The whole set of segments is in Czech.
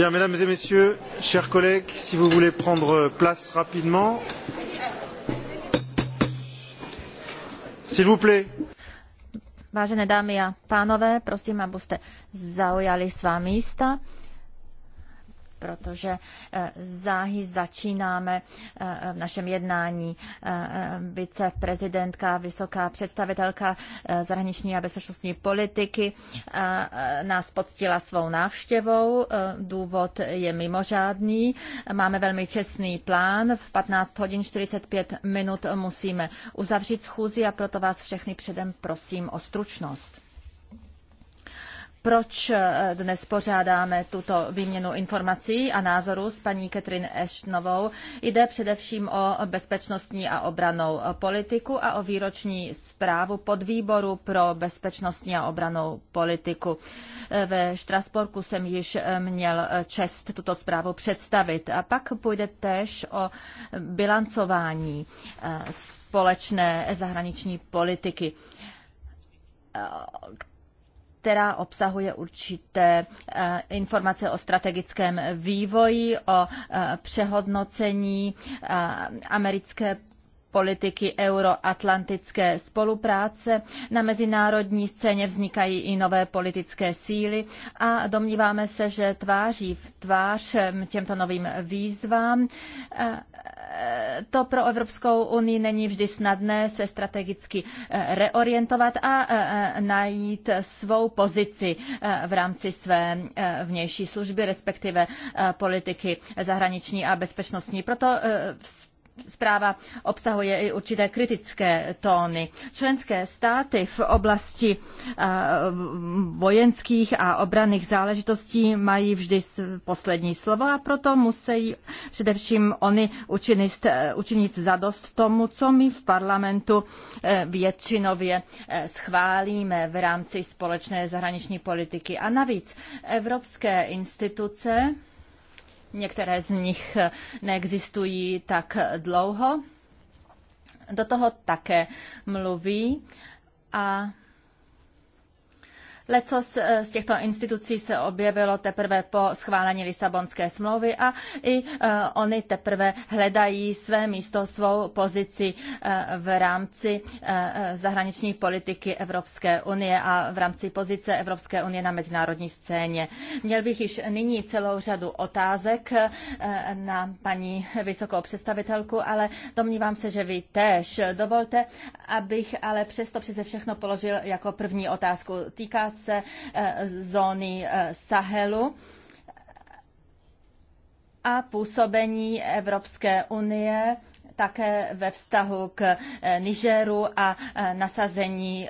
Bien, mesdames et messieurs, chers collègues, si vous voulez prendre place rapidement. S'il vous plaît. Vážené dámy a pánové, prosím, abyste zaujali svá místa protože eh, záhy začínáme eh, v našem jednání. Eh, viceprezidentka, vysoká představitelka zahraniční a bezpečnostní politiky nás poctila svou návštěvou. Důvod je mimořádný. Máme velmi čestný plán. V 15 hodin 45 minut musíme uzavřít schůzi a proto vás všechny předem prosím o stručnost proč eh, dnes pořádáme tuto výměnu informací a názorů s paní Katrin Ashtonovou. Jde především o bezpečnostní a obranou politiku a o výroční zprávu podvýboru pro bezpečnostní a obranou politiku. Eh, ve Štrasborku jsem již eh, měl čest tuto zprávu představit. A pak půjde tež o bilancování společné zahraniční politiky která obsahuje určité eh, informace o strategickém vývoji, o eh, přehodnocení eh, americké politiky euroatlantické spolupráce. Na mezinárodní scéně vznikají i nové politické síly a domníváme se, že tváří v tvář těmto novým výzvám. E, to pro Evropskou unii není vždy snadné se strategicky e, reorientovat a e, najít svou pozici v rámci své vnější služby, respektive politiky zahraniční a bezpečnostní. Proto zpráva obsahuje i určité kritické tóny. Členské státy v oblasti eh, vojenských a obranných záležitostí mají vždy poslední slovo a proto musí především oni učinit, eh, učinit zadost tomu, co my v parlamentu eh, většinově schválíme v rámci společné zahraniční politiky. A navíc evropské instituce Některé z nich neexistují tak dlouho. Do toho také mluví a Leco eh, z těchto institucí se objevilo teprve po schválení Lisabonské smlouvy a i eh, oni teprve hledají své místo, svou pozici eh, v rámci zahraniční politiky Evropské unie a v rámci pozice Evropské unie na mezinárodní scéně. Měl bych již nyní celou řadu otázek na paní vysokou představitelku, ale domnívám se, že vy též. Dovolte, abych ale přesto přeze všechno položil jako první otázku. Týká hranice eh, zóny eh, Sahelu a působení Evropské unie také ve vztahu k eh, Nigeru a nasazení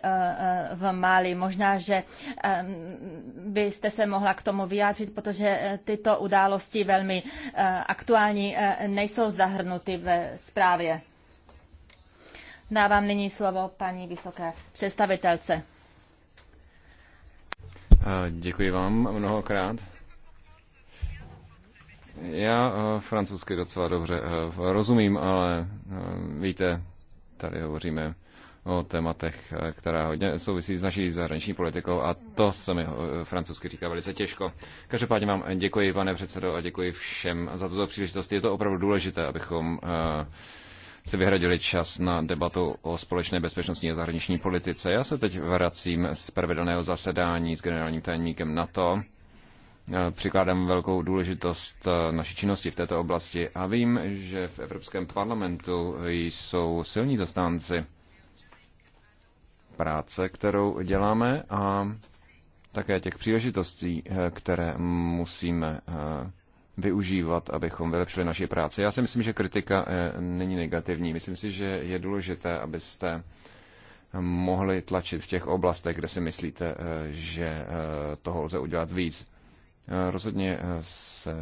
v Mali. Možná, že byste se mohla k tomu vyjádřit, protože tyto události velmi aktuální nejsou zahrnuty ve zprávě. Dávám nyní slovo paní vysoké představitelce. Děkuji vám mnohokrát. Já eh, francouzsky docela dobře eh, rozumím, ale eh, víte, tady hovoříme o tématech, která hodně souvisí s naší zahraniční politikou a to se mi francouzsky říká velice těžko. Každopádně vám děkuji, pane předsedo, a děkuji všem za tuto příležitost. Je to opravdu důležité, abychom si vyhradili čas na debatu o společné bezpečnostní a zahraniční politice. Já se teď vracím z pravidelného zasedání s generálním tajemníkem NATO. E, přikládám velkou důležitost e, naší činnosti v této oblasti a vím, že v Evropském parlamentu jsou silní zastánci práce, kterou děláme a také těch příležitostí, e, které musíme využívat, abychom vylepšili naši práci. Já si myslím, že kritika eh, není negativní. Myslím si, že je důležité, abyste mohli tlačit v těch oblastech, kde si myslíte, eh, že eh, toho lze udělat víc. Rozhodně se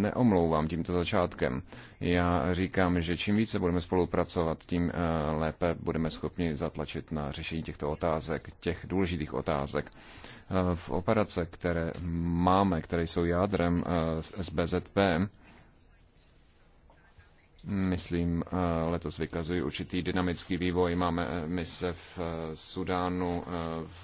neomlouvám tímto začátkem. Já říkám, že čím více budeme spolupracovat, tím eh, lépe budeme schopni zatlačit na řešení těchto otázek, těch důležitých otázek. Eh, v operace, které máme, které jsou jádrem eh, SBZP, myslím, eh, letos vykazují určitý dynamický vývoj. Máme eh, mise v eh, Sudánu,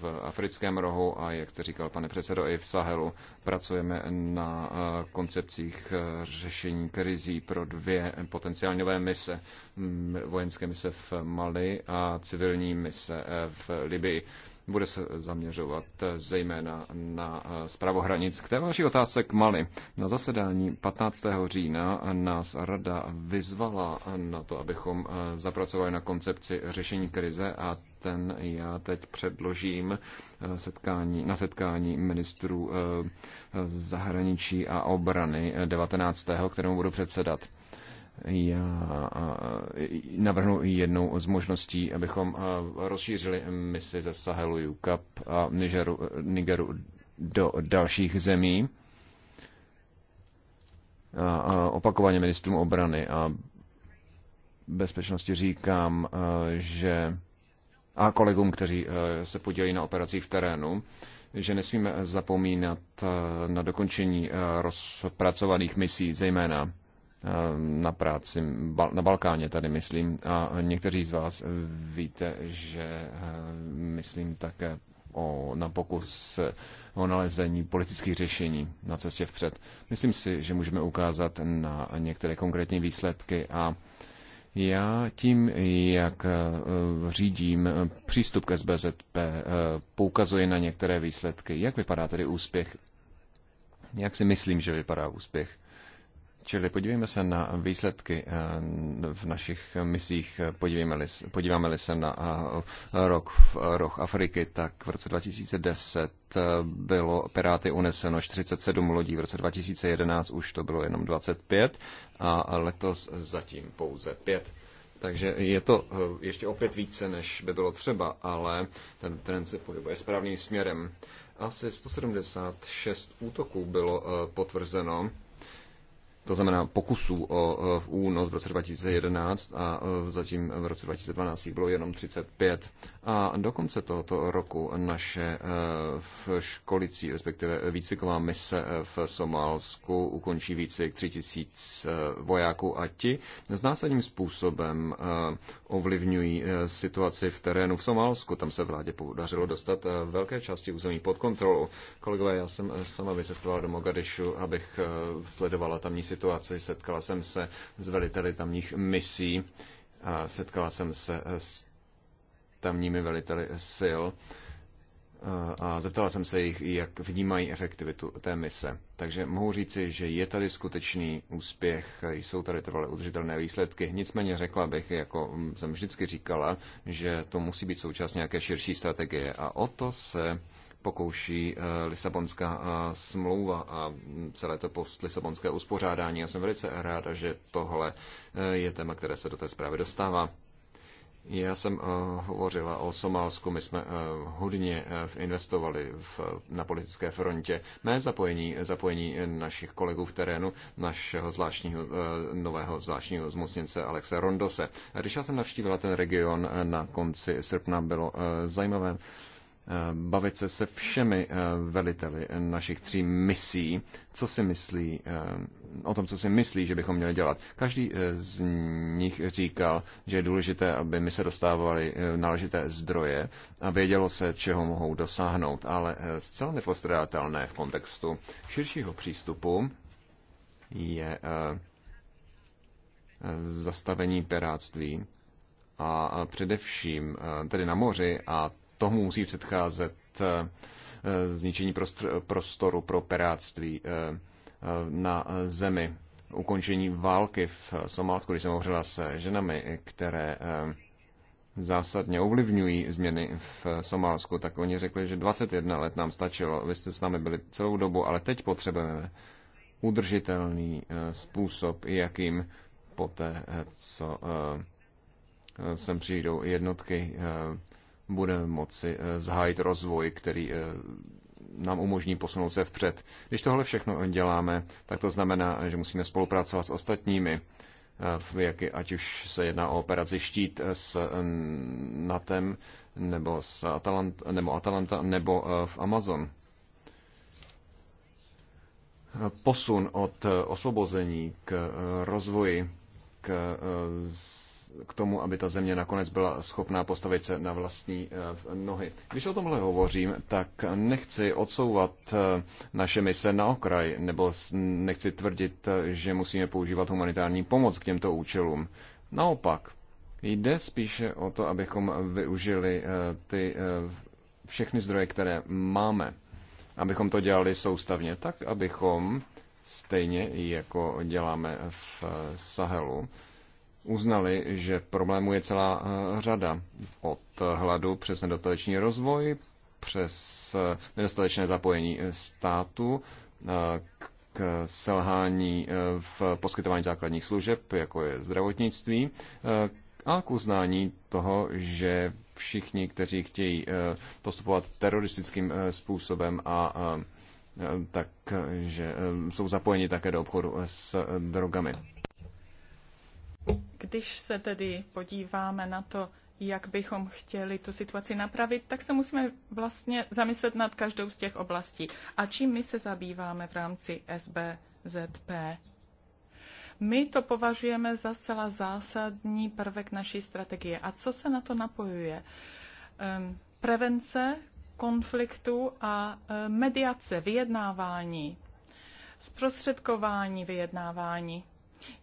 v africkém rohu a, jak jste říkal, pane předsedo, i v Sahelu. Pracujeme na koncepcích řešení krizí pro dvě potenciálně nové mise. Vojenské mise v Mali a civilní mise v Libii bude se zaměřovat zejména na eh, zprávu hranic. K té vaší otázce k Mali. Na zasedání 15. října nás rada vyzvala na to, abychom eh, zapracovali na koncepci řešení krize a ten já teď předložím eh, setkání, na setkání ministrů zahraničí a obrany 19. kterému budu předsedat já navrhnu jednou z možností, abychom rozšířili misi ze Sahelu, UCAP a Nigeru, Nigeru do dalších zemí. A opakovaně ministrům obrany a bezpečnosti říkám, že a kolegům, kteří se podělí na operacích v terénu, že nesmíme zapomínat na dokončení rozpracovaných misí, zejména Ehm, na práci na Balkáně tady, myslím. A někteří z vás víte, že ehm, myslím také o, na pokus o nalezení politických řešení na cestě vpřed. Myslím si, že můžeme ukázat na některé konkrétní výsledky a já tím, jak e, řídím přístup k SBZP, e, poukazuji na některé výsledky. Jak vypadá tedy úspěch? Jak si myslím, že vypadá úspěch? Čili podívejme se na výsledky eh, v našich misích, podíváme-li, podíváme-li se na eh, rok v roh Afriky, tak v roce 2010 eh, bylo Piráty uneseno 47 lodí, v roce 2011 už to bylo jenom 25 a letos zatím pouze 5. Takže je to ještě opět více, než by bylo třeba, ale ten trend se pohybuje správným směrem. Asi 176 útoků bylo potvrzeno to znamená pokusů o e, únos v roce 2011 a e, zatím v roce 2012 jich bylo jenom 35. A do konce tohoto roku naše e, v školicí, respektive výcviková mise v Somálsku ukončí výcvik 3000 vojáků a ti zásadním způsobem ovlivňují situaci v terénu v Somálsku. Tam se vládě podařilo dostat velké části území pod kontrolu. Kolegové, já jsem sama vycestovala do Mogadešu, abych sledovala tamní situaci situaci. Setkala jsem se s veliteli tamních misí, a setkala jsem se s tamními veliteli sil a zeptala jsem se jich, jak vnímají efektivitu té mise. Takže mohu říci, že je tady skutečný úspěch, jsou tady trvalé udržitelné výsledky. Nicméně řekla bych, jako jsem vždycky říkala, že to musí být součást nějaké širší strategie a o to se pokouší eh, Lisabonská eh, smlouva a celé to post-Lisabonské uspořádání. Já jsem velice ráda, že tohle eh, je téma, které se do té zprávy dostává. Já jsem hovořila o Somálsku, my jsme hodně investovali v, na politické frontě. Mé zapojení, zapojení našich kolegů v terénu, našeho zvláštního, nového zvláštního zmocněnce Alexe Rondose. Když já jsem navštívila ten region na konci srpna, bylo zajímavé Eh, bavit se se všemi eh, veliteli našich tří misí, co si myslí, eh, o tom, co si myslí, že bychom měli dělat. Každý z nich říkal, že je důležité, aby my se dostávali náležité zdroje a vědělo se, čeho mohou dosáhnout, ale zcela nepostradatelné v kontextu širšího přístupu je zastavení piráctví a především tedy na moři a tomu musí předcházet eh, eh, zničení prostoru pro peráctví eh, na zemi, ukončení války v Somálsku, když jsem hovořila se ženami, které zásadně ovlivňují změny v Somálsku, tak oni řekli, že 21 let nám stačilo, vy jste s námi byli celou dobu, ale teď potřebujeme udržitelný způsob, jakým poté, co sem přijdou jednotky budeme moci eh, zahájit rozvoj, který eh, nám umožní posunout se vpřed. Když tohle všechno děláme, tak to znamená, že musíme spolupracovat s ostatními, eh, ať už se jedná o operaci Štít s NATEM nebo, s Atalant, nebo Atalanta nebo v Amazon. Posun od osvobození k rozvoji, k k tomu, aby ta země nakonec byla schopná postavit se na vlastní eh, nohy. Když o tomhle hovořím, tak nechci odsouvat eh, naše mise na okraj, nebo nechci tvrdit, eh, že musíme používat humanitární pomoc k těmto účelům. Naopak, jde spíše o to, abychom využili ty všechny zdroje, které máme, abychom to dělali soustavně, tak abychom stejně jako děláme v Sahelu, uznali, že problémů je celá eh, řada. Od hladu přes nedostatečný rozvoj, přes eh, nedostatečné zapojení eh, státu, k selhání v poskytování základních služeb, jako je zdravotnictví, a k uznání toho, že všichni, kteří chtějí postupovat teroristickým způsobem a tak, že jsou zapojeni také do obchodu s drogami. Když se tedy podíváme na to, jak bychom chtěli tu situaci napravit, tak se musíme vlastně zamyslet nad každou z těch oblastí. A čím my se zabýváme v rámci SBZP? My to považujeme za zcela zásadní prvek naší strategie. A co se na to napojuje? Ehm, prevence konfliktu a ehm, mediace, vyjednávání, zprostředkování vyjednávání.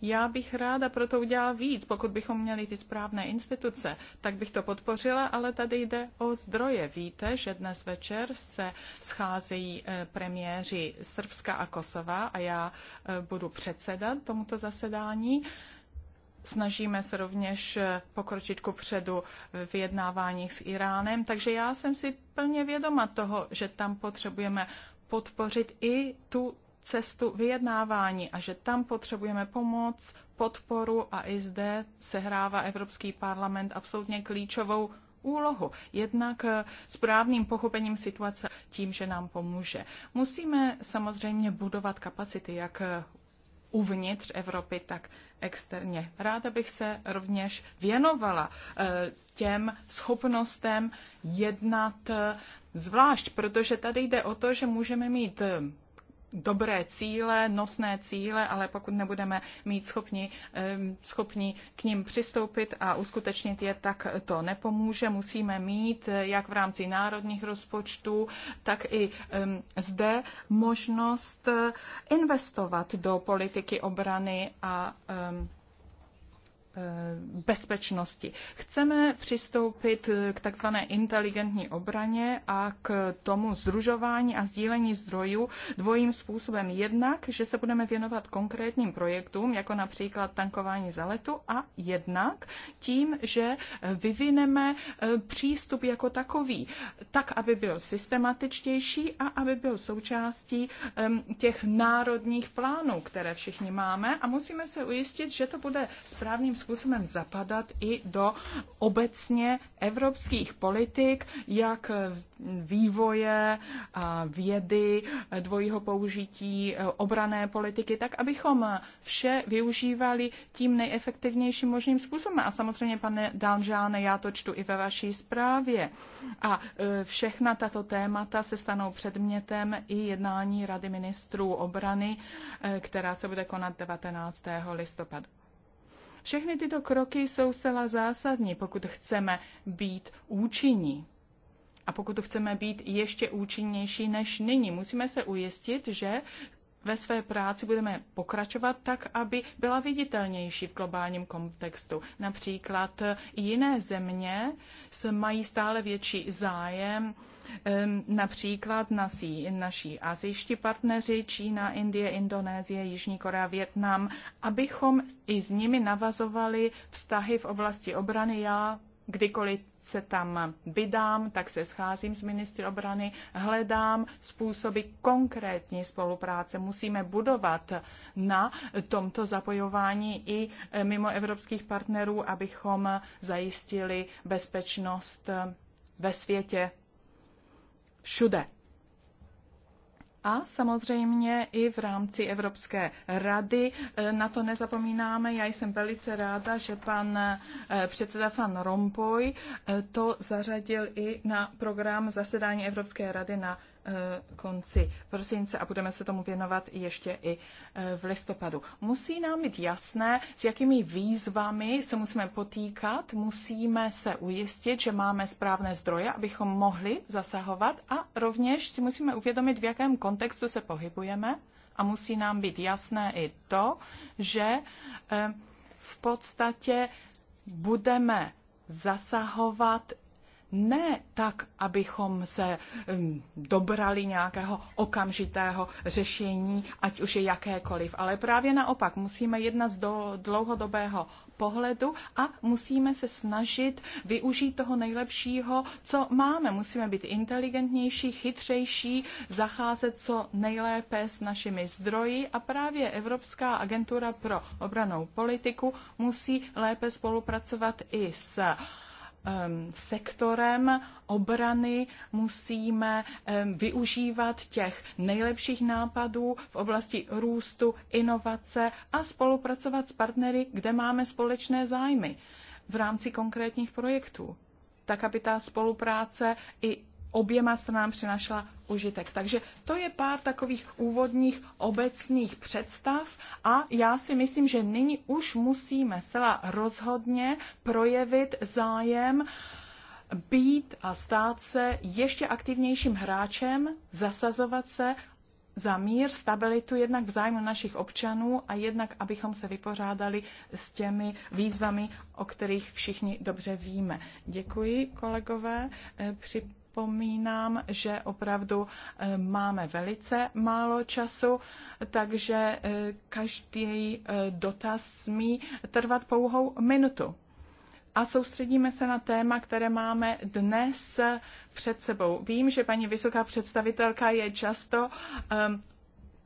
Já bych ráda proto udělala víc, pokud bychom měli ty správné instituce, tak bych to podpořila, ale tady jde o zdroje. Víte, že dnes večer se scházejí eh, premiéři Srbska a Kosova a já eh, budu předsedat tomuto zasedání. Snažíme se rovněž eh, pokročit ku předu vyjednáváních s Iránem, takže já jsem si plně vědoma toho, že tam potřebujeme podpořit i tu cestu vyjednávání a že tam potřebujeme pomoc, podporu a i zde sehrává Evropský parlament absolutně klíčovou úlohu. Jednak eh, s právným pochopením situace tím, že nám pomůže. Musíme samozřejmě budovat kapacity, jak eh, uvnitř Evropy, tak externě. Ráda bych se rovněž věnovala eh, těm schopnostem jednat zvlášť, protože tady jde o to, že můžeme mít dobré cíle, nosné cíle, ale pokud nebudeme mít schopni, schopni k ním přistoupit a uskutečnit je, tak to nepomůže. Musíme mít eh, jak v rámci národních rozpočtů, tak i zde možnost eh, investovat do politiky obrany a Eh, bezpečnosti. Chceme přistoupit eh, k takzvané inteligentní obraně a k tomu združování a sdílení zdrojů dvojím způsobem. Jednak, že se budeme věnovat konkrétním projektům, jako například tankování za letu, a jednak tím, že vyvineme eh, přístup jako takový, tak, aby byl systematičtější a aby byl součástí těch národních plánů, které všichni máme a musíme se ujistit, že to bude správným způsobem zapadat i do obecně evropských politik, jak vývoje, vědy, dvojího použití, obrané politiky, tak abychom vše využívali tím nejefektivnějším možným způsobem. A samozřejmě, pane Danžáne, já to čtu i ve vaší zprávě. A e, všechna tato témata se stanou předmětem i jednání Rady ministrů obrany, e, která se bude konat 19. listopadu. Všechny tyto kroky jsou zcela zásadní, pokud chceme být účinní. A pokud chceme být ještě účinnější než nyní, musíme se ujistit, že ve své práci budeme pokračovat tak, aby byla viditelnější v globálním kontextu. Například jiné země mají stále větší zájem například naší, naší azijští partneři Čína, Indie, Indonésie, Jižní Korea, Větnam, abychom i s nimi navazovali vztahy v oblasti obrany. Já kdykoliv se tam vydám, tak se scházím s ministry obrany, hledám způsoby konkrétní spolupráce. Musíme budovat na tomto zapojování i mimo evropských partnerů, abychom zajistili bezpečnost ve světě všude. A samozřejmě i v rámci Evropské rady e, na to nezapomínáme. Já jsem velice ráda, že pan e, předseda Van Rompuy e, to zařadil i na program zasedání Evropské rady na Eh, konci prosince a budeme se tomu věnovat ještě i eh, v listopadu. Musí nám být jasné, s jakými výzvami se musíme potýkat, musíme se ujistit, že máme správné zdroje, abychom mohli zasahovat a rovněž si musíme uvědomit, v jakém kontextu se pohybujeme a musí nám být jasné i to, že eh, v podstatě budeme zasahovat ne tak, abychom se dobrali nějakého okamžitého řešení, ať už je jakékoliv, ale právě naopak musíme jednat z dlouhodobého pohledu a musíme se snažit využít toho nejlepšího, co máme. Musíme být inteligentnější, chytřejší, zacházet co nejlépe s našimi zdroji a právě Evropská agentura pro obranou politiku musí lépe spolupracovat i s Um, sektorem obrany musíme um, využívat těch nejlepších nápadů v oblasti růstu, inovace a spolupracovat s partnery, kde máme společné zájmy v rámci konkrétních projektů tak aby ta spolupráce i oběma stranám přinašla užitek. Takže to je pár takových úvodních obecných představ a já si myslím, že nyní už musíme zcela rozhodně projevit zájem být a stát se ještě aktivnějším hráčem, zasazovat se za mír, stabilitu jednak v zájmu našich občanů a jednak, abychom se vypořádali s těmi výzvami, o kterých všichni dobře víme. Děkuji, kolegové. Eh, při připomínám, že opravdu eh, máme velice málo času, takže eh, každý eh, dotaz smí trvat pouhou minutu. A soustředíme se na téma, které máme dnes před sebou. Vím, že paní vysoká představitelka je často ehm,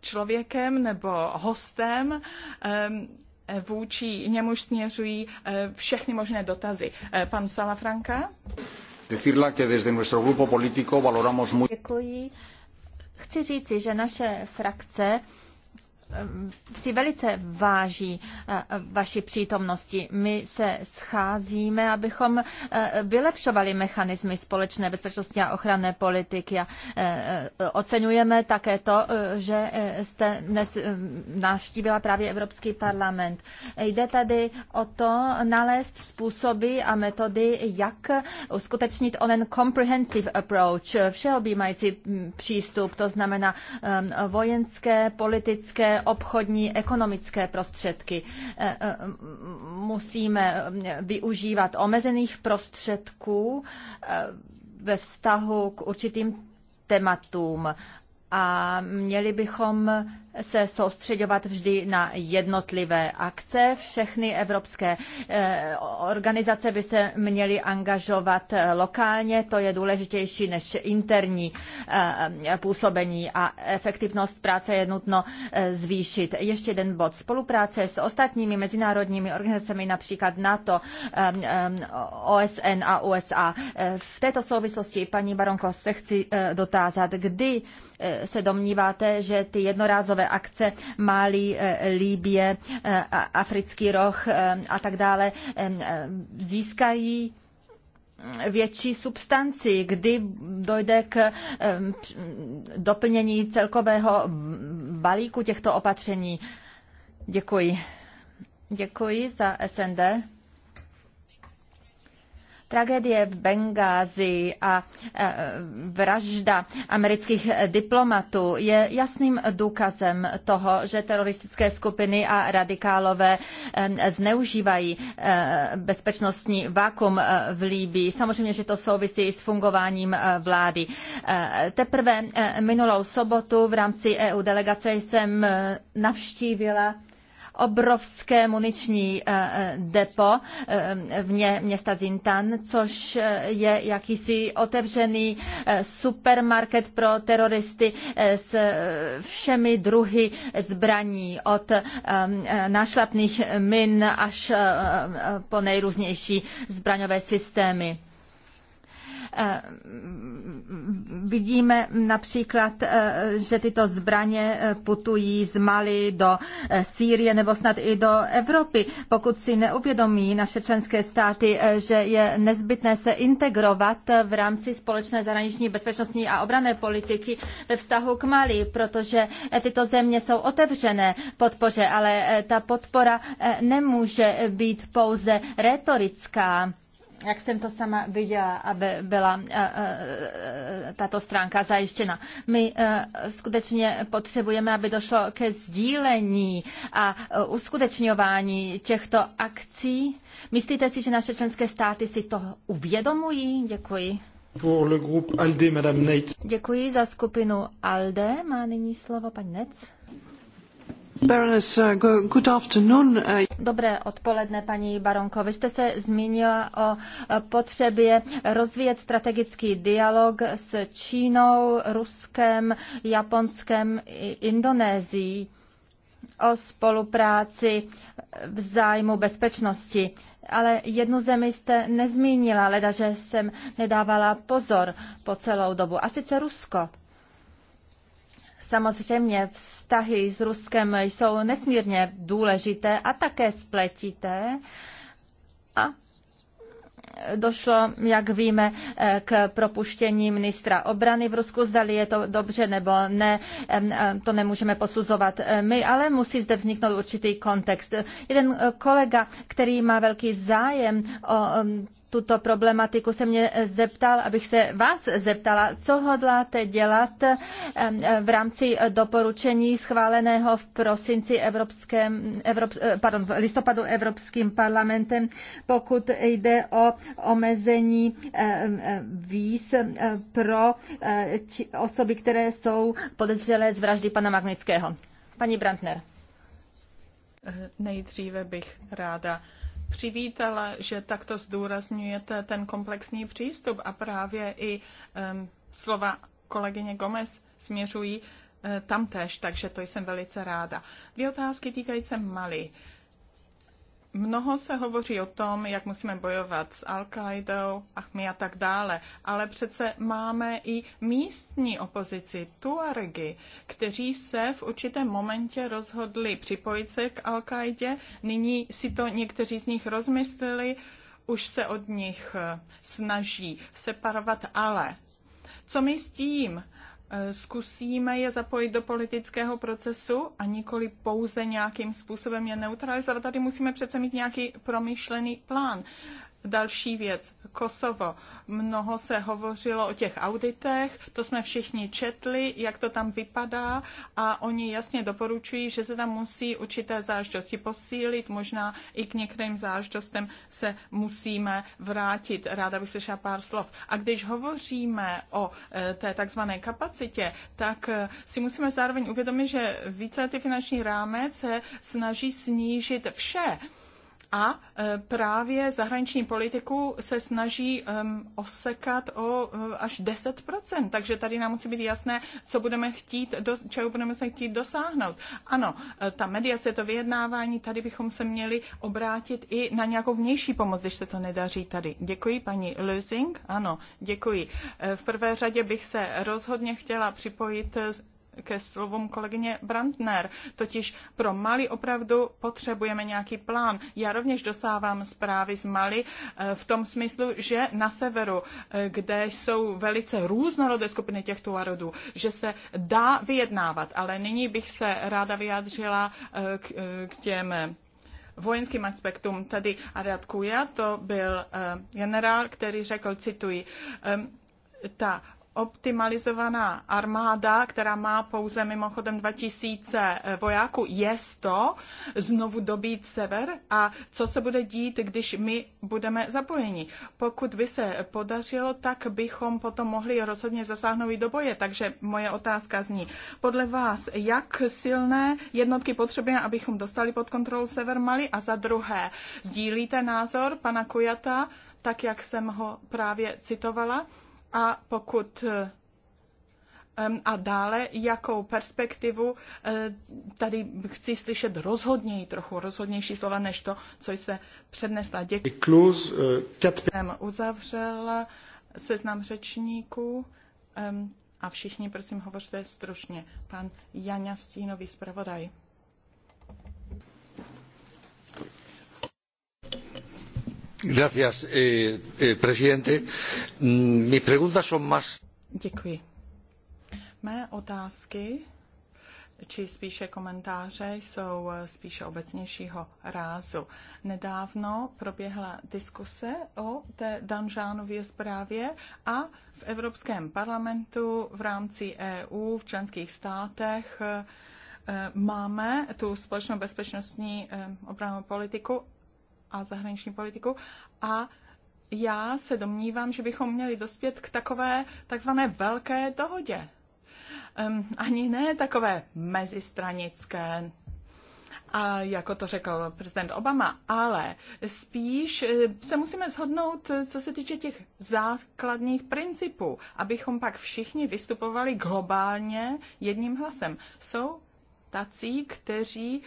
člověkem nebo hostem ehm, vůči němuž směřují všechny možné dotazy. Pan Salafranka? decirla que desde nuestro grupo político valoramos muy... Děkuji. Chci říci, že naše frakce si velice váží eh, vaši přítomnosti. My se scházíme, abychom eh, vylepšovali mechanismy společné bezpečnostní a ochranné politiky a eh, oceňujeme také to, že jste dnes navštívila právě Evropský parlament. Jde tady o to nalézt způsoby a metody, jak uskutečnit onen comprehensive approach, všeobjímající hm, přístup, to znamená ehm, vojenské, politické, obchodní ekonomické prostředky. E, e, musíme využívat omezených prostředků e, ve vztahu k určitým tématům a měli bychom se soustředovat vždy na jednotlivé akce. Všechny evropské eh, organizace by se měly angažovat eh, lokálně, to je důležitější než interní eh, působení a efektivnost práce je nutno zvýšit. Ještě jeden bod. Spolupráce s ostatními mezinárodními organizacemi, například NATO, OSN a USA. V této souvislosti, paní Baronko, se chci dotázat, kdy se domníváte, že ty jednorázové akce Mali, eh, Líbie, eh, Africký roh eh, a tak dále získají větší substanci, kdy dojde k doplnění celkového balíku těchto opatření. Děkuji. Děkuji za SND. Tragédie v Bengázi a e, vražda amerických diplomatů je jasným důkazem toho, že teroristické skupiny a radikálové e, zneužívají e, bezpečnostní vákum v Líbii. Samozřejmě, že to souvisí s fungováním vlády. Teprve minulou sobotu v rámci EU delegace jsem navštívila obrovské muniční eh, eh, depo eh, vně města Zintan, což je jakýsi otevřený supermarket pro teroristy s všemi druhy zbraní, od nášlapných min až po nejrůznější zbraňové systémy. Eh, vidíme například, eh, že tyto zbraně eh, putují z Mali do Sýrie nebo snad i do Evropy. Pokud si neuvědomí naše členské státy, že je nezbytné se integrovat v rámci společné zahraniční bezpečnostní a obrané politiky ve vztahu k Mali, protože tyto země jsou otevřené podpoře, ale ta podpora nemůže být pouze retorická jak jsem to sama viděla, aby byla eh, eh, tato stránka zajištěna. My eh, skutečně potřebujeme, aby došlo ke sdílení a uskutečňování těchto akcí. Myslíte si, že naše členské státy si to uvědomují? Děkuji. Pour le groupe ALDE, Madame Nates. Děkuji za skupinu ALDE. Má nyní slovo paní Nec. Uh, uh, Dobré odpoledne, paní Baronko. Vy jste se zmínila o potřebě rozvíjet strategický dialog s Čínou, Ruskem, Japonskem i Indonésií o spolupráci v zájmu bezpečnosti. Ale jednu zemi jste nezmínila, ledaže jsem nedávala pozor po celou dobu, a sice Rusko. Samozřejmě vztahy s Ruskem jsou nesmírně důležité a také spletité. A došlo, jak víme, k propuštění ministra obrany v Rusku. Zdali je to dobře nebo ne, to nemůžeme posuzovat my, ale musí zde vzniknout určitý kontext. Jeden kolega, který má velký zájem o tuto problematiku se mě zeptal, abych se vás zeptala, co hodláte dělat eh, v rámci doporučení schváleného v prosinci Evropském, Evrop, eh, pardon, v listopadu Evropským parlamentem, pokud jde o omezení eh, víz pro osoby, které jsou podezřelé z vraždy pana Magnického. Paní Brandner. Nejdříve bych ráda přivítala, že takto zdůrazňujete ten komplexní přístup a právě i um, slova kolegyně Gomez směřují uh, eh, tam tež, takže to jsem velice ráda. Dvě otázky týkající Mali. Uh, Mnoho se hovoří o tom, jak musíme bojovat s Al-Qaidou, Achmi a tak dále, ale přece máme i místní opozici, Tuaregy, kteří se v určitém momentě rozhodli připojit se k Al-Qaidě, nyní si to někteří z nich rozmysleli, už se od nich eh, snaží separovat, ale co my s tím? Eh, zkusíme je zapojit do politického procesu a nikoli pouze nějakým způsobem je neutralizovat. Tady musíme přece mít nějaký promyšlený plán. Další věc, Kosovo. Mnoho se hovořilo o těch auditech, to jsme všichni četli, jak to tam vypadá a oni jasně doporučují, že se tam musí určité záždosti posílit, možná i k některým záždostem se musíme vrátit. Ráda bych slyšela pár slov. A když hovoříme o e, té takzvané kapacitě, tak e, si musíme zároveň uvědomit, že ty finanční rámec se snaží snížit vše a e, právě zahraniční politiku se snaží e, osekat o e, až 10%, takže tady nám musí být jasné, co budeme chtít, čeho budeme se chtít dosáhnout. Ano, ta mediace, to vyjednávání, tady bychom se měli obrátit i na nějakou vnější pomoc, když se to nedaří tady. Děkuji, paní Lusing. Ano, děkuji. V prvé řadě bych se rozhodně chtěla připojit ke slovům kolegyně Brandner. Totiž pro Mali opravdu potřebujeme nějaký plán. Já rovněž dosávám zprávy z Mali eh, v tom smyslu, že na severu, eh, kde jsou velice různorodé skupiny těchto národů, že se dá vyjednávat. Ale nyní bych se ráda vyjádřila eh, k, k těm vojenským aspektům. Tady Ariad Kuja, to byl generál, který řekl, cituji, ta optimalizovaná armáda, která má pouze mimochodem 2000 eh, vojáků, je to znovu dobít sever a co se bude dít, když my budeme zapojeni. Pokud by se podařilo, tak bychom potom mohli rozhodně zasáhnout i do boje. Takže moje otázka zní, podle vás, jak silné jednotky potřebujeme, abychom dostali pod kontrolu sever Mali a za druhé, sdílíte názor pana Kujata, tak jak jsem ho právě citovala, a pokud a dále, jakou perspektivu, eh, tady chci slyšet rozhodněji, trochu rozhodnější slova, než to, co jste přednesla. Děkuji. Kluz, uh, eh, uzavřel seznam řečníků a všichni, prosím, hovořte stručně. Pan Jaňa Stínový, zpravodaj. Gracias, eh, eh, presidente. Mm, mis preguntas son más. Děkuji. Mé otázky, či spíše komentáře, jsou eh, spíše obecnějšího rázu. Nedávno proběhla diskuse o té Danžánově zprávě a v Evropském parlamentu v rámci EU v členských státech máme tu společnou bezpečnostní obranou politiku a zahraniční politiku. A já se domnívám, že bychom měli dospět k takové takzvané velké dohodě. Um, ani ne takové mezistranické, a jako to řekl prezident Obama, ale spíš eh, se musíme shodnout, co se týče těch základních principů, abychom pak všichni vystupovali globálně jedním hlasem. Jsou tací, kteří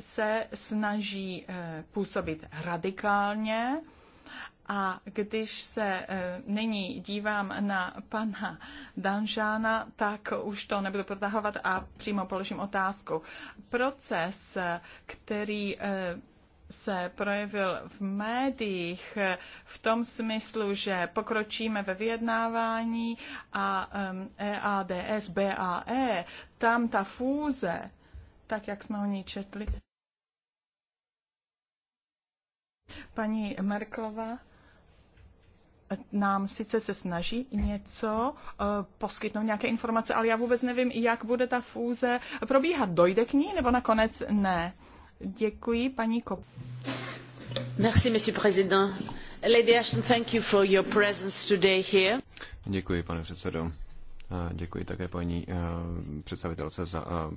se snaží eh, působit radikálně. A když se eh, nyní dívám na pana Danžána, tak už to nebudu protahovat a přímo položím otázku. Proces, eh, který se projevil v médiích v tom smyslu, že pokročíme ve vyjednávání a EADS, e BAE, tam ta fúze, tak jak jsme o ní četli, Paní Merklova nám sice se snaží něco eh, poskytnout nějaké informace, ale já vůbec nevím, jak bude ta fůze probíhat. Dojde k ní nebo nakonec ne? Děkuji, paní Kop. Merci, monsieur président. Lady Ashton, thank you for your presence today here. Děkuji, pane předsedo. děkuji také paní eh, představitelce za eh,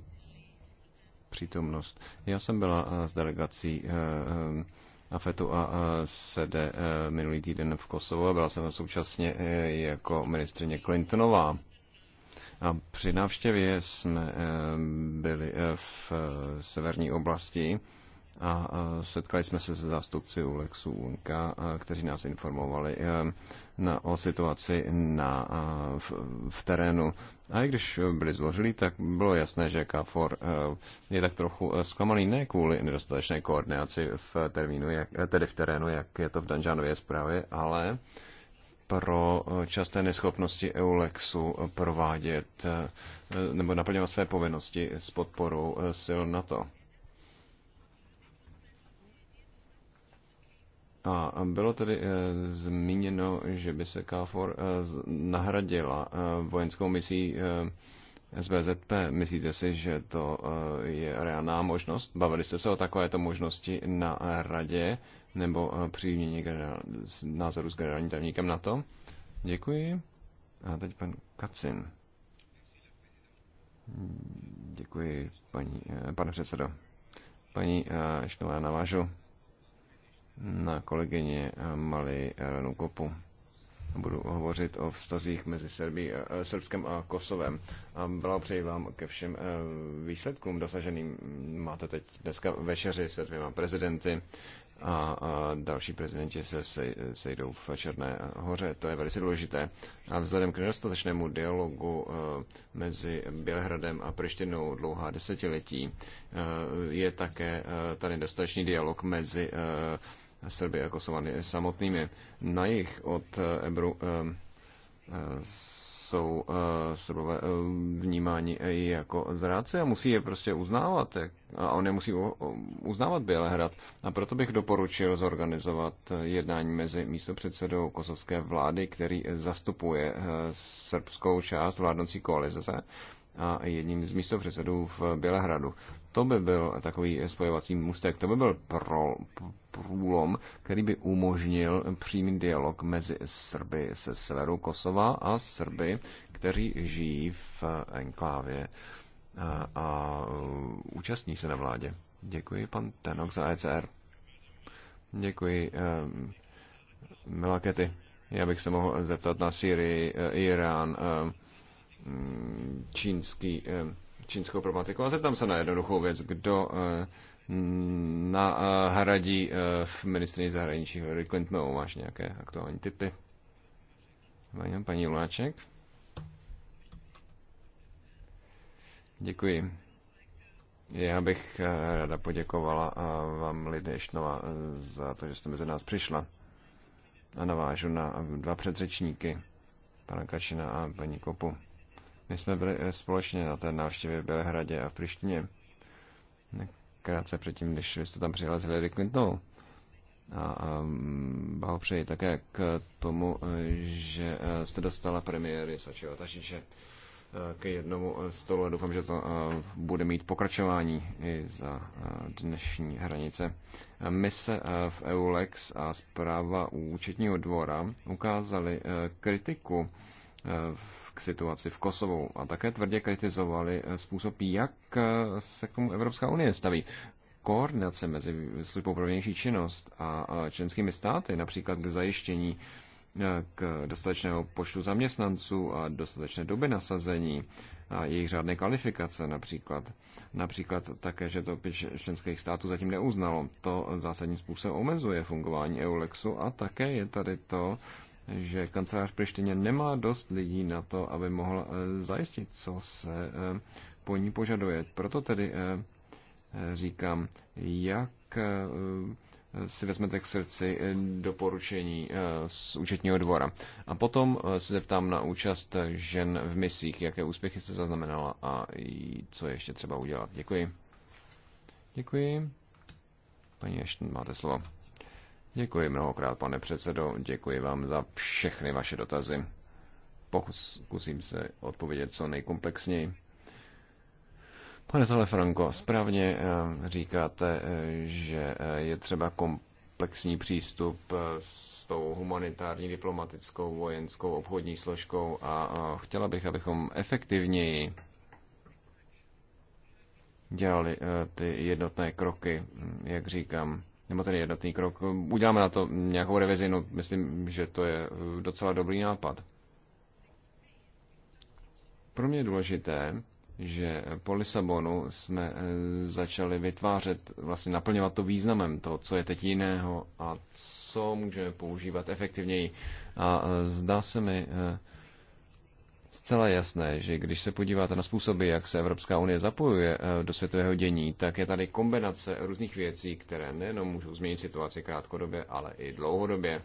přítomnost. Já jsem byla s delegací AFETu a SED e, minulý týden v Kosovo a byla jsem současně e, jako ministrině Clintonová. A při návštěvě jsme e, byli v severní oblasti a setkali jsme se se zástupci ULEXu UNKA, kteří nás informovali e, na, o situaci na, v, v terénu. A i když byli zložili, tak bylo jasné, že KFOR e, je tak trochu e, zklamaný ne kvůli nedostatečné koordinaci v termínu, jak, tedy v terénu, jak je to v Danžánově zprávě, ale pro časté neschopnosti EULEXu provádět nebo naplňovat své povinnosti s podporou sil NATO. A bylo tedy eh, zmíněno, že by se KFOR eh, nahradila eh, vojenskou misí SBZP. Myslíte si, že to je reálná možnost? Bavili jste se o takovéto možnosti na radě nebo při výměně názoru s generálním tajemníkem to? Děkuji. A teď pan Kacin. Děkuji, paní, pane předsedo. Paní Šnová, navážu na kolegyně Mali Renu Kopu. Budu hovořit o vztazích mezi Serbí, eh, Srbskem a Kosovem. A blahopřeji vám ke všem eh, výsledkům dosaženým. Máte teď dneska večeři se dvěma prezidenty a, a další prezidenti se sejdou v Černé hoře. To je velice důležité. A vzhledem k nedostatečnému dialogu eh, mezi Bělehradem a Prištinou dlouhá desetiletí je také tady dostatečný dialog mezi Srby jako Kosovany samotnými. Na jich od eh, Ebru eh, eh, jsou Srbové vnímáni jako zrádci a musí je prostě uznávat. A on musí uznávat Bělehrad. A proto bych doporučil zorganizovat jednání mezi místopředsedou kosovské vlády, který zastupuje srbskou část vládnoucí koalice a jedním z místopředsedů v Bělehradu. To by byl takový spojovací mustek, to by byl pro, průlom, který by umožnil přímý dialog mezi Srby se severu Kosova a Srby, kteří žijí v enklávě a, a účastní se na vládě. Děkuji, pan Tenok za ECR. Děkuji, eh, milá Kety. Já bych se mohl zeptat na Syrii, eh, Irán, eh, mm, čínský čínskou problematiku a zeptám se na jednoduchou věc, kdo eh, na uh, v ministrině zahraničí Hillary Clintonovou. Máš nějaké aktuální typy? Váňa, paní Lunáček. Děkuji. Já bych ráda poděkovala vám, lidé Ešnova, za to, že jste mezi nás přišla. A navážu na dva předřečníky, pana Kačina a paní Kopu. My jsme byli eh, společně na té návštěvě v Bělehradě a v Prištině. Krátce předtím, když jste tam přijeli, s Hillary Clintonou. A, a mm, blahopřeji také k tomu, eh, že eh, jste dostala premiéry Sačila Tašiče k jednomu stolu a doufám, že to bude mít pokračování i za dnešní hranice. Mise v EULEX a zpráva účetního dvora ukázaly kritiku Eh, k situaci v Kosovu a také tvrdě kritizovali eh, způsob, jak eh, se k tomu Evropská unie staví. Koordinace mezi službou pro vnější činnost a členskými státy, například k zajištění k dostatečného počtu zaměstnanců a dostatečné doby nasazení a jejich řádné kvalifikace například. Například také, že to pět členských států zatím neuznalo. To zásadním způsobem omezuje fungování EULEXu a také je tady to, že kancelář Prištině nemá dost lidí na to, aby mohl eh, zajistit, co se eh, po ní požaduje. Proto tedy eh, říkám, jak si vezmete k srdci doporučení z účetního dvora. A potom se zeptám na účast žen v misích, jaké úspěchy se zaznamenala a co ještě třeba udělat. Děkuji. Děkuji. Paní Ešten, máte slovo. Děkuji mnohokrát, pane předsedo, děkuji vám za všechny vaše dotazy. Pokusím se odpovědět co nejkomplexněji. Pane Salefranko, správně eh, říkáte, eh, že eh, je třeba komplexní přístup s tou humanitární, diplomatickou, vojenskou, obchodní složkou a chtěla bych, abychom efektivněji dělali ty jednotné kroky, hm, jak říkám nebo ten jednotný krok. Uděláme na to nějakou revizi, no myslím, že to je eh, docela dobrý nápad. Pro mě je důležité, že po Lisabonu jsme eh, začali vytvářet, vlastně naplňovat to významem, to, co je teď jiného a co můžeme používat efektivněji. A eh, zdá se mi, zcela jasné, že když se podíváte na způsoby, jak se Evropská unie zapojuje eh, do světového dění, tak je tady kombinace různých věcí, které nejenom můžou změnit situaci krátkodobě, ale i dlouhodobě.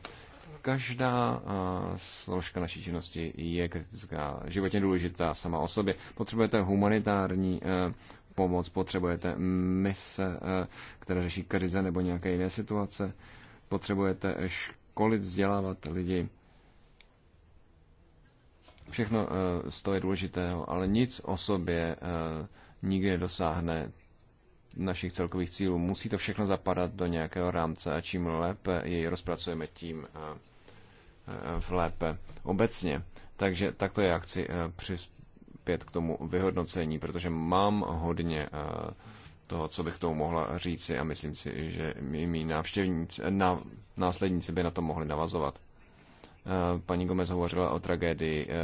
Každá eh, složka naší činnosti je kritická, životně důležitá sama o sobě. Potřebujete humanitární eh, pomoc, potřebujete mise, které řeší krize nebo nějaké jiné situace, potřebujete školit, vzdělávat lidi, všechno eh, z toho je důležitého, ale nic o sobě eh, nikdy nedosáhne našich celkových cílů. Musí to všechno zapadat do nějakého rámce a čím lépe jej rozpracujeme, tím eh, lépe obecně. Takže takto já chci přispět k tomu vyhodnocení, protože mám hodně toho, co bych tomu mohla říci a myslím si, že mý návštěvníci, následníci by na to mohli navazovat. Eh, paní Gomez hovořila o tragédii eh,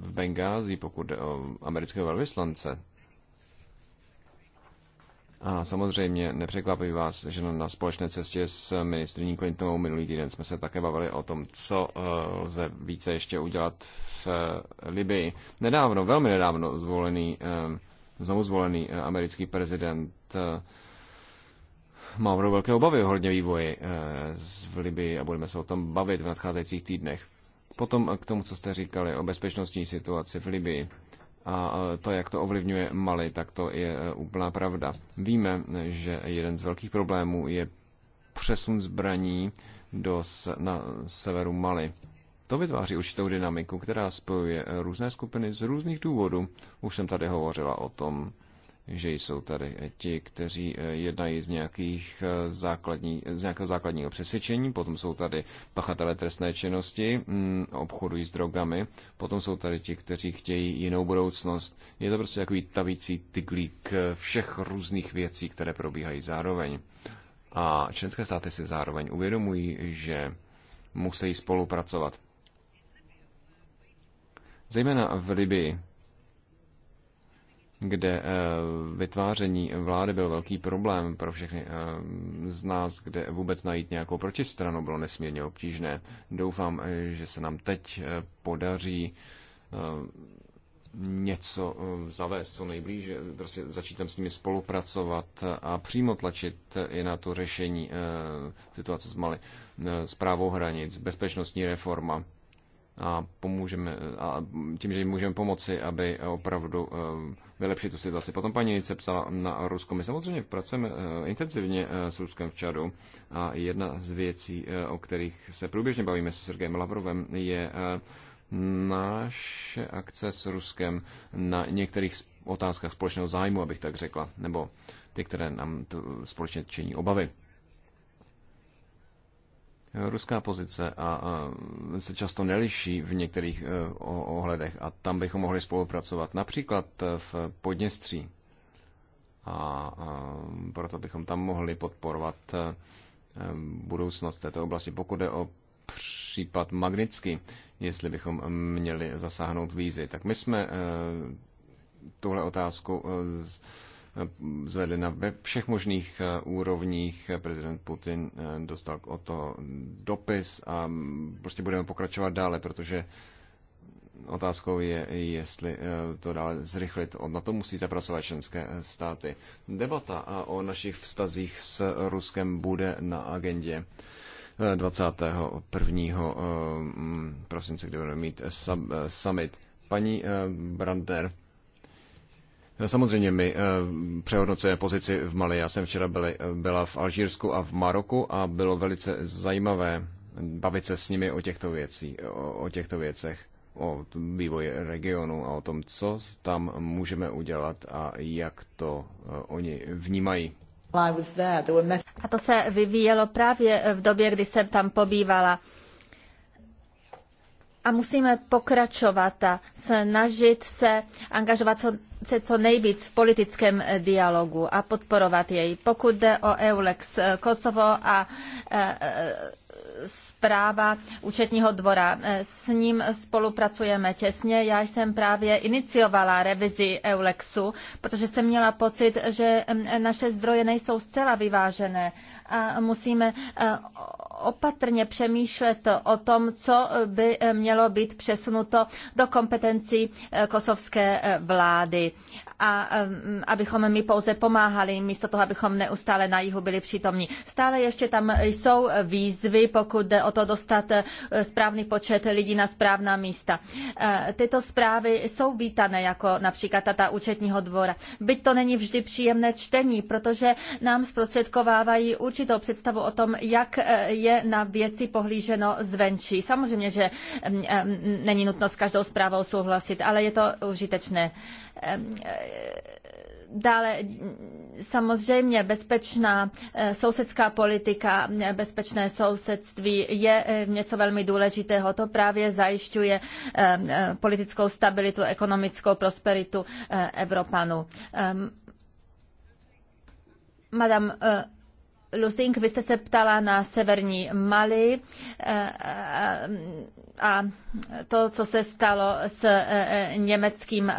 v Bengázi, pokud jde o amerického velvyslance. A samozřejmě nepřekvapí vás, že na společné cestě s ministrní Clintonovou minulý týden jsme se také bavili o tom, co eh, lze více ještě udělat v Libii. Nedávno, velmi nedávno zvolený, znovu zvolený americký prezident mám do velké obavy ohledně vývoji eh, v Libii a budeme se o tom bavit v nadcházejících týdnech. Potom k tomu, co jste říkali o bezpečnostní situaci v Libii a to, jak to ovlivňuje Mali, tak to je eh, úplná pravda. Víme, že jeden z velkých problémů je přesun zbraní do, na severu Mali. To vytváří určitou dynamiku, která spojuje eh, různé skupiny z různých důvodů. Už jsem tady hovořila o tom že jsou tady ti, kteří eh, jednají z, nějakých eh, základní, z nějakého základního přesvědčení, potom jsou tady pachatelé trestné činnosti, mm, obchodují s drogami, potom jsou tady ti, kteří chtějí jinou budoucnost. Je to prostě takový tavící tyglík eh, všech různých věcí, které probíhají zároveň. A členské státy si zároveň uvědomují, že musí spolupracovat. Zejména v Libii kde eh, vytváření vlády byl velký problém pro všechny eh, z nás, kde vůbec najít nějakou protistranu bylo nesmírně obtížné. Doufám, eh, že se nám teď podaří něco zavést co nejblíže, prostě začít tam s nimi spolupracovat a přímo tlačit i na to řešení situace s Mali, zprávou hranic, bezpečnostní reforma a pomůžeme, a tím, že jim můžeme pomoci, aby opravdu vylepšit tu situaci. Potom paní Nice psala na Rusko. My samozřejmě pracujeme eh, intenzivně eh, s Ruskem v Čadu a jedna z věcí, eh, o kterých se průběžně bavíme s Sergejem Lavrovem, je naše akce s Ruskem na některých otázkách společného zájmu, abych tak řekla, nebo ty, které nám společně činí obavy. Ruská pozice a, a se často neliší v některých e, ohledech a tam bychom mohli spolupracovat, například e, v Podněstří. A, a proto bychom tam mohli podporovat e, budoucnost této oblasti. Pokud je o případ Magnitsky, jestli bychom měli zasáhnout vízy, tak my jsme tuhle otázku na ve všech možných eh, úrovních. Prezident Putin eh, dostal o to dopis a mm, prostě budeme pokračovat dále, protože Otázkou je, jestli eh, to dále zrychlit. Na to musí zapracovat členské státy. Debata o našich vztazích s Ruskem bude na agendě 21. Mm, prosince, kdy budeme mít summit. Paní Brandner, Eh, samozřejmě my eh, přehodnocujeme pozici v Mali. Já jsem včera byli, eh, byla v Alžírsku a v Maroku a bylo velice zajímavé bavit se s nimi o těchto, věcí, o, o těchto věcech, o vývoji regionu a o tom, co tam můžeme udělat a jak to oni vnímají. A to se vyvíjelo právě v době, kdy jsem tam pobývala a musíme pokračovat a snažit se angažovat se co nejvíc v politickém eh, dialogu a podporovat jej. Pokud jde o Eulex eh, Kosovo a eh, zpráva účetního dvora. S ním spolupracujeme těsně. Já jsem právě iniciovala revizi Eulexu, protože jsem měla pocit, že naše zdroje nejsou zcela vyvážené a musíme eh, opatrně přemýšlet o tom, co by eh, mělo být přesunuto do kompetencí eh, kosovské vlády. A abychom my pouze pomáhali, místo toho, abychom neustále na jihu byli přítomní. Stále ještě tam jsou výzvy, pokud jde o to dostat správný počet lidí na správná místa. Tyto zprávy jsou vítané, jako například tata účetního dvora. Byť to není vždy příjemné čtení, protože nám zprostředkovávají určitě určitou představu o tom, jak eh, je na věci pohlíženo zvenčí. Samozřejmě, že mm, mm, není nutno s každou zprávou souhlasit, ale je to užitečné. Ehm, eh, dále samozřejmě bezpečná eh, sousedská politika, bezpečné sousedství je něco velmi důležitého. To právě zajišťuje ehm, politickou stabilitu, ekonomickou prosperitu Evropanů. Ehm, Madame Lusink, vy jste se ptala na severní Mali. Eh, eh, a to, co se stalo s e, e, německým e,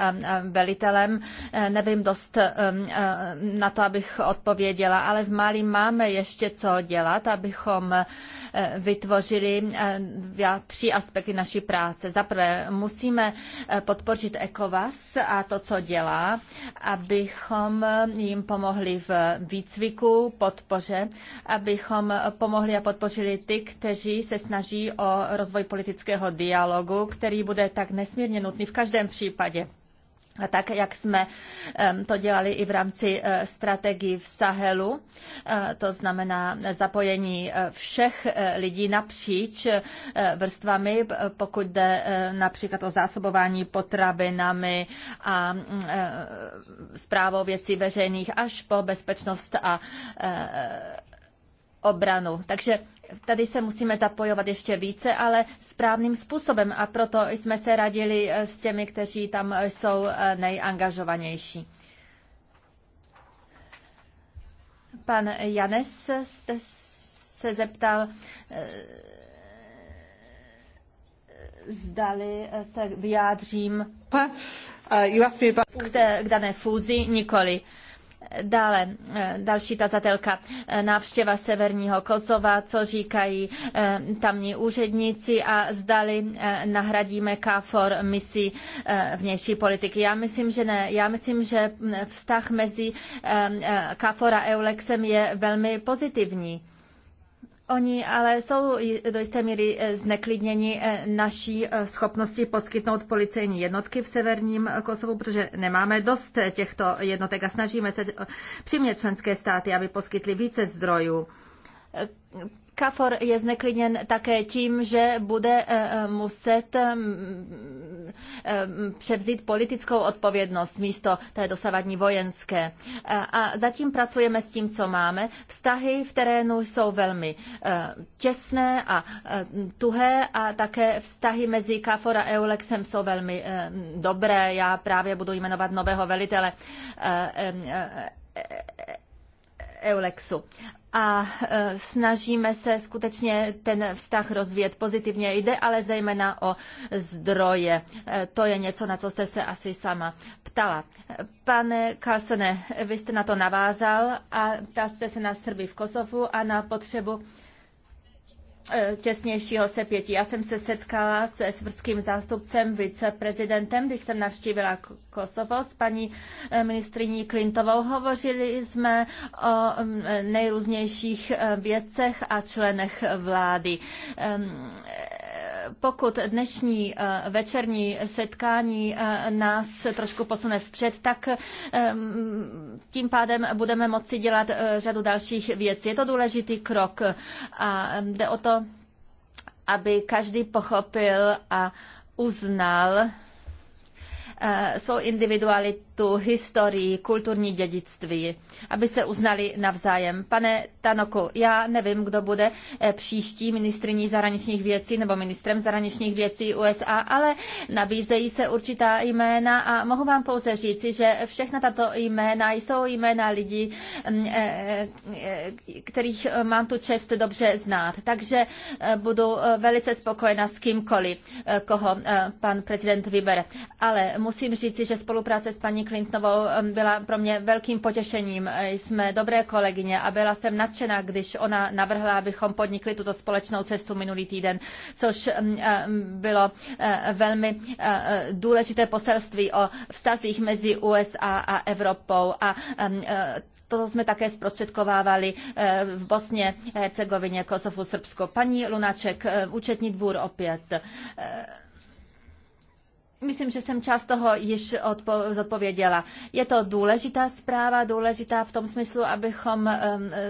velitelem, nevím dost na to, abych odpověděla, ale v Mali máme ještě co dělat, abychom vytvořili tři aspekty naší práce. Za prvé, musíme podpořit ECOWAS a to, co dělá, abychom jim pomohli v výcviku, podpoře, abychom pomohli a podpořili ty, kteří se snaží o rozvoj politické politického dialogu, který bude tak nesmírně nutný v každém případě. A tak, jak jsme to dělali i v rámci eh, strategii v Sahelu, eh, to znamená zapojení eh, všech lidí napříč vrstvami, pokud jde například o zásobování potravinami a zprávou mm, věcí veřejných až po bezpečnost a obranu. Takže tady se musíme zapojovat ještě více, ale správným způsobem a proto jsme se radili eh, s těmi, kteří tam eh, jsou eh, nejangažovanější. Pan Janes jste se zeptal, zdali se vyjádřím k, dané fúzi, nikoli. Dále eh, další tazatelka eh, návštěva severního Kosova, co říkají eh, tamní úředníci a zdali nahradíme KFOR misi vnější politiky. Já myslím, že ne. Já myslím, že mm, vztah mezi KFOR a EULEXem je velmi pozitivní. Oni ale jsou do jisté míry e, zneklidněni e, naší e, schopnosti poskytnout policejní jednotky v severním Kosovu, protože nemáme dost těchto jednotek a snažíme se přimět členské státy, aby poskytly více zdrojů. Kafor je zneklidněn také tím, že bude muset Eh, převzít politickou odpovědnost místo té dosavadní vojenské. Eh, a zatím pracujeme s tím, co máme. Vztahy v terénu jsou velmi eh, těsné a tuhé a také vztahy mezi KFOR a EULEXem jsou velmi dobré. Já právě budu jmenovat nového velitele EULEXu a e, snažíme se skutečně ten vztah rozvíjet pozitivně. Jde ale zejména o zdroje. E, to je něco, na co jste se asi sama ptala. Pane Kalsene, vy jste na to navázal a ptal jste se na Srby v Kosovu a na potřebu Eh, těsnějšího sepětí. Já jsem se setkala se svrským zástupcem, viceprezidentem, když jsem navštívila Kosovo s paní eh, ministriní Klintovou. Hovořili jsme o mm, eh, nejrůznějších věcech a členech vlády pokud dnešní eh, večerní setkání eh, nás trošku posune vpřed, tak eh, mm, tím pádem budeme moci dělat řadu dalších věcí. Je to důležitý krok a jde o to, aby každý pochopil a uznal svou individualitu tu historii, kulturní dědictví, aby se uznali navzájem. Pane Tanoku, já nevím, kdo bude eh, příští ministriní zahraničních věcí nebo ministrem zahraničních věcí USA, ale nabízejí se určitá jména a mohu vám pouze říci, že všechna tato jména jsou jména lidí, mm, eh, eh, kterých mám tu čest dobře znát. Takže budu velice spokojena s kýmkoliv, koho pan prezident vybere. Ale musím říci, že spolupráce s paní Clintonovou um, byla pro mě velkým potěšením. Jsme dobré kolegyně a byla jsem nadšená, když ona navrhla, abychom podnikli tuto společnou cestu minulý týden, což um, um, bylo uh, velmi uh, důležité poselství o vztazích mezi USA a Evropou a uh, to jsme také zprostředkovávali v Bosně, Hercegovině, Kosovu, Srbsko. Paní Lunaček, účetní dvůr opět. Myslím, že jsem část toho již odpo- zodpověděla. Je to důležitá zpráva, důležitá v tom smyslu, abychom um,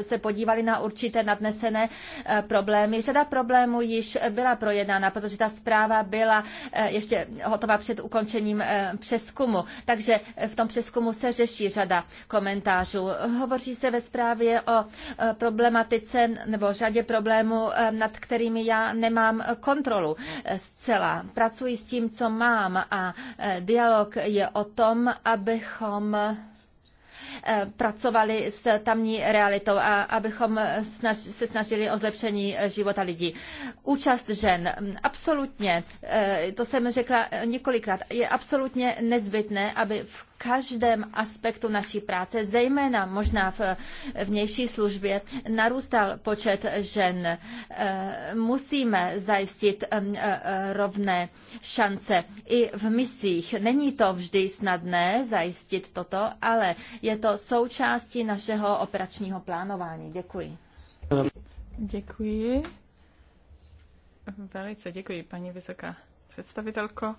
se podívali na určité nadnesené uh, problémy. Řada problémů již byla projednána, protože ta zpráva byla uh, ještě hotová před ukončením uh, přeskumu. Takže v tom přeskumu se řeší řada komentářů. Hovoří se ve zprávě o problematice nebo řadě problémů, nad kterými já nemám kontrolu zcela. Pracuji s tím, co mám a e, dialog je o tom, abychom e, pracovali s tamní realitou a abychom se snažili o zlepšení e, života lidí. Účast žen, absolutně, to jsem řekla několikrát, je absolutně nezbytné, aby v každém aspektu naší práce, zejména možná v vnější službě, narůstal počet žen. Eh, musíme zajistit eh, eh, rovné šance i v misích. Není to vždy snadné zajistit toto, ale je to součástí našeho operačního plánování. Děkuji. Děkuji. Velice děkuji, paní vysoká představitelko.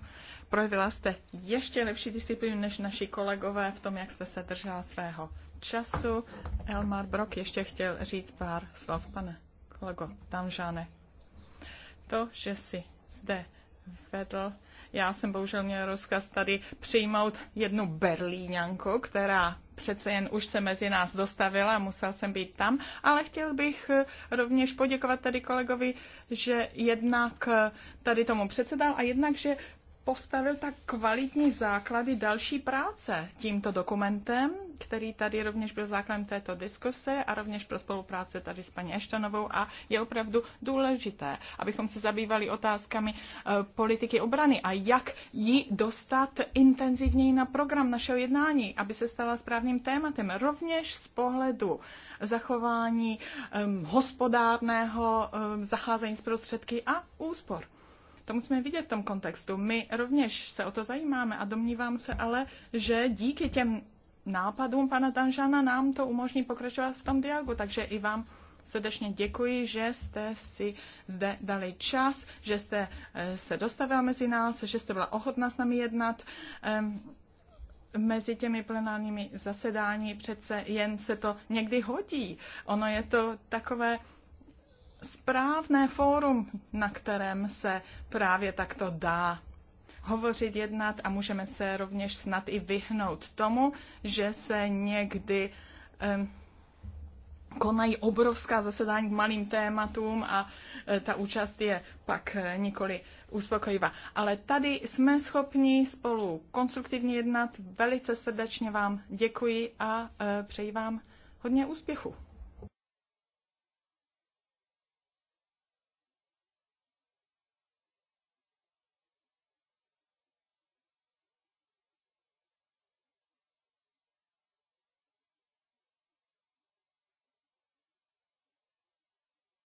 Projevila jste ještě lepší disciplínu než naši kolegové v tom, jak jste se držela svého času. Elmar Brok ještě chtěl říct pár slov, pane kolego žáne. To, že si zde vedl já jsem bohužel měl rozkaz tady přijmout jednu berlíňanku, která přece jen už se mezi nás dostavila a musel jsem být tam, ale chtěl bych eh, rovněž poděkovat tady kolegovi, že jednak eh, tady tomu předsedal a jednak, že postavil tak kvalitní základy další práce tímto dokumentem, který tady rovněž byl základem této diskuse a rovněž pro spolupráce tady s paní Eštanovou a je opravdu důležité, abychom se zabývali otázkami e, politiky obrany a jak ji dostat intenzivněji na program našeho jednání, aby se stala správným tématem. Rovněž z pohledu zachování um, e, hospodárného um, e, zacházení s prostředky a úspor. To musíme vidět v tom kontextu. My rovněž se o to zajímáme a domnívám se ale, že díky těm nápadům pana Danžana nám to umožní pokračovat v tom dialogu. Takže i vám srdečně děkuji, že jste si zde dali čas, že jste eh, se dostavila mezi nás, že jste byla ochotná s námi jednat. Eh, mezi těmi plenárními zasedání přece jen se to někdy hodí. Ono je to takové správné fórum, na kterém se právě takto dá hovořit, jednat a můžeme se rovněž snad i vyhnout tomu, že se někdy um, konají obrovská zasedání k malým tématům a e, ta účast je pak e, nikoli uspokojivá. Ale tady jsme schopni spolu konstruktivně jednat. Velice srdečně vám děkuji a e, přeji vám hodně úspěchu.